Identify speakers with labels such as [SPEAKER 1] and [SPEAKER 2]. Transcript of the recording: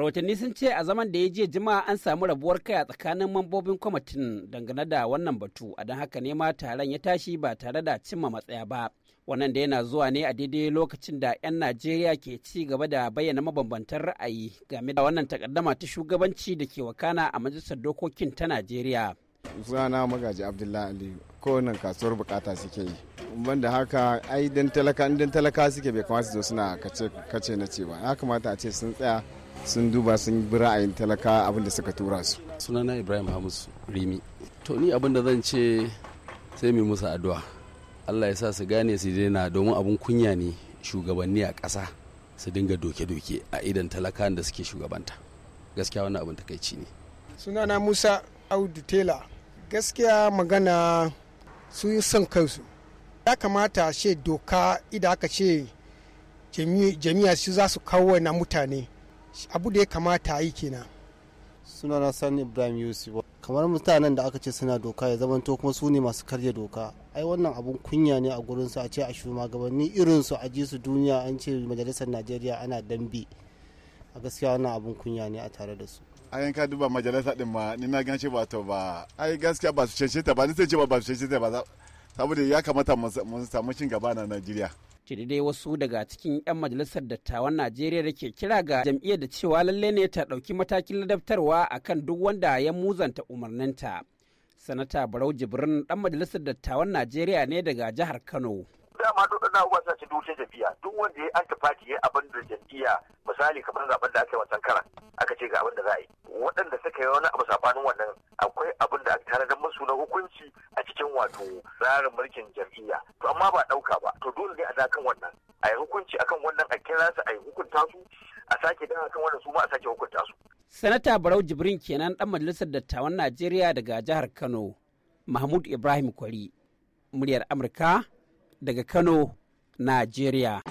[SPEAKER 1] rahotanni sun ce a zaman da ya je jima'a an samu rabuwar kai a tsakanin mambobin kwamitin dangane da wannan batu a don haka ne ma taron ya tashi ba tare da cimma matsaya ba wannan da yana zuwa ne a daidai lokacin da 'yan najeriya ke ci gaba da bayyana mabambantan ra'ayi game da wannan takaddama ta shugabanci da ke wakana a majalisar dokokin ta najeriya
[SPEAKER 2] sunana magaji abdullahi ko kowannan kasuwar bukata suke yi da haka ai dan talaka dan talaka suke bai kamata su zo suna kace na ce ba ya kamata a ce sun tsaya sun
[SPEAKER 3] duba sun bi ra'ayin talaka abin da suka tura su sunana ibrahim hamus rimi to ni abin da zan ce sai mu musa addu'a allah ya sa su gane su daina domin abin kunya ne shugabanni a ƙasa su dinga doke-doke a idan talakan da suke shugabanta gaskiya wannan abin takaici ne
[SPEAKER 2] sunana musa audu tela gaskiya magana sun yi son kansu ya kamata ce doka idan aka ce jami'a su za su kawo na mutane abu da ya kamata yi kenan
[SPEAKER 4] na sani ibrahim yusuf kamar mutanen da aka ce suna doka ya to kuma su ne masu karya doka ai wannan abun kunya ne a gurinsu a ce a shugabanni su a ji su duniya an ce majalisar najeriya ana dambe a gaskiya wannan abun
[SPEAKER 5] kunya ne a tare da su Ai ka duba majalisa din ma ni na gan shi ba to ba ai gaskiya ba su cece ta ba ni sai ce ba su cece ta ba saboda ya kamata mu samu cin gaba na najeriya
[SPEAKER 1] da dai wasu daga cikin 'yan majalisar dattawan Najeriya da ke kira ga jam'iyyar da cewa lalle ne ta dauki matakin ladabtarwa a kan duk wanda ya muzanta umarninta. Sanata Barau Jibrin dan majalisar dattawan Najeriya ne daga jihar Kano. dama
[SPEAKER 5] duk ɗan abubuwa suna cikin wuce jam'iyya duk wanda ya anti ya abin da jam'iyya misali kamar zaɓen da aka yi wancan karan aka ce ga abin da za a yi waɗanda suka yi wani abu sabanin wannan a mulki a cikin wato tsarin mulkin jam'iyya to amma ba ɗauka ba to dole ne a da kan wannan a yi hukunci akan wannan a kira su a yi hukunta su a sake dan akan wannan su ma a sake hukunta su.
[SPEAKER 1] Sanata Barau Jibrin kenan dan majalisar dattawan Najeriya daga jihar Kano Mahmud Ibrahim Kwari muryar Amurka daga Kano Najeriya.